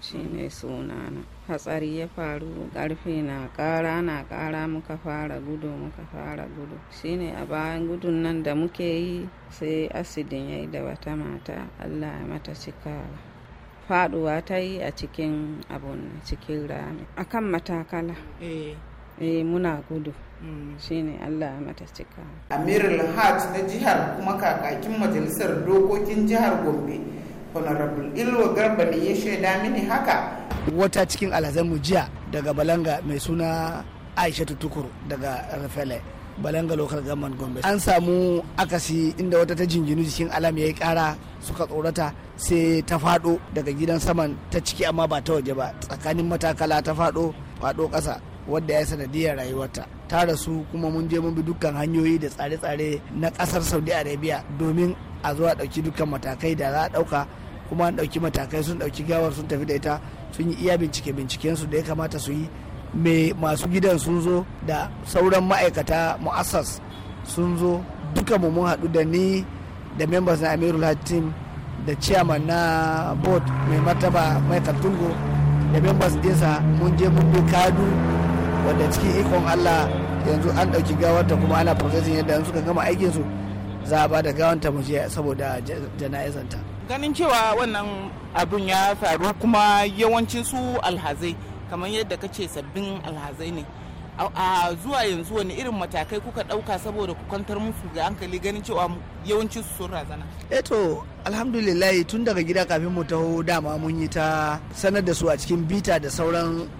shi ne sunana hatsari ya faru karfe na kara na kara muka fara gudu muka fara gudu shine a bayan gudun nan da muke yi sai asidin ya yi da wata mata allah ya mata cikawa faduwa ta yi a cikin abun cikin rami a kan matakala eh, eh muna gudu mm. shine Allah ya mata cika. Amir Lahat na jihar kuma kakakin majalisar dokokin jihar Gombe honorable ilwa garba ne ya shaida mini haka wata cikin alhazanmu jiya daga balanga mai suna aishatu tukuru daga rafale balanga local government gombe an samu akasi inda wata ta jinginu jikin alam ya yi kara suka tsorata sai ta fado daga gidan saman ta ciki amma ba ta waje ba tsakanin matakala ta fado fado kasa wadda ya sanadiyar rayuwarta ta rasu kuma mun je mun bi dukkan hanyoyi da tsare-tsare na kasar saudi arabia domin a zuwa ɗauki dukkan matakai da za a ɗauka kuma an ɗauki matakai sun ɗauki gawar sun tafi da ita sun yi iya bincike bincikensu da ya kamata su yi mai masu gidan sun zo da sauran ma'aikata mu'assas sun zo duka mu mun haɗu da ni da members na amirul team da chairman na board mai martaba michael tungo da members dinsa mun je mun bi kadu wadda cikin ikon allah yanzu an ɗauki gawarta kuma ana processing yadda suka gama aikinsu za a ba da gawanta mu je saboda jana'izanta. ganin cewa wannan abin ya faru kuma yawancin su alhazai kamar yadda kace sabbin alhazai ne a zuwa yanzu wani irin matakai kuka ɗauka saboda ku kwantar musu ga hankali ganin cewa yawancin su sun razana eto eh alhamdulillah tun daga gida kafin mu taho dama mun yi ta sanar da su a cikin bita da sauran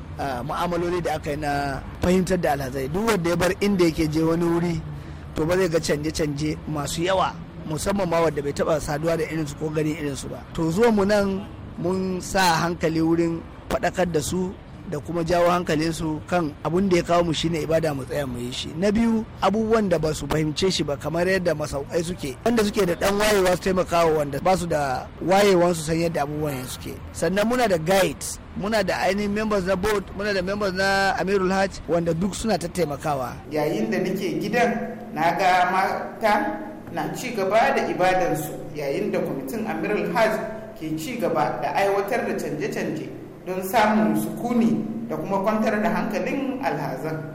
mu'amaloli da aka yi na fahimtar da alhazai duk wanda ya bar inda yake je wani wuri to ba zai ga canje-canje masu yawa musamman ma wanda bai taba saduwa da irinsu ko ganin irinsu ba to zuwa mu nan mun sa hankali wurin faɗakar da su da kuma jawo hankalinsu kan abun da ya kawo mu shine ibada mu tsaya mu yi shi na biyu abubuwan da ba su fahimce shi ba kamar yadda masaukai suke wanda suke da dan wayewa su taimaka wa wanda ba su da wayewan su san yadda abubuwan suke sannan muna da guides muna da ainihin members na board muna da members na amirul hajj wanda duk suna ta taimakawa yayin da nake gidan na ga mata na ci gaba da ibadansu yayin da kwamitin amiral hajj ke ci gaba da aiwatar da canje-canje don samun sukuni da kuma kwantar da hankalin alhazan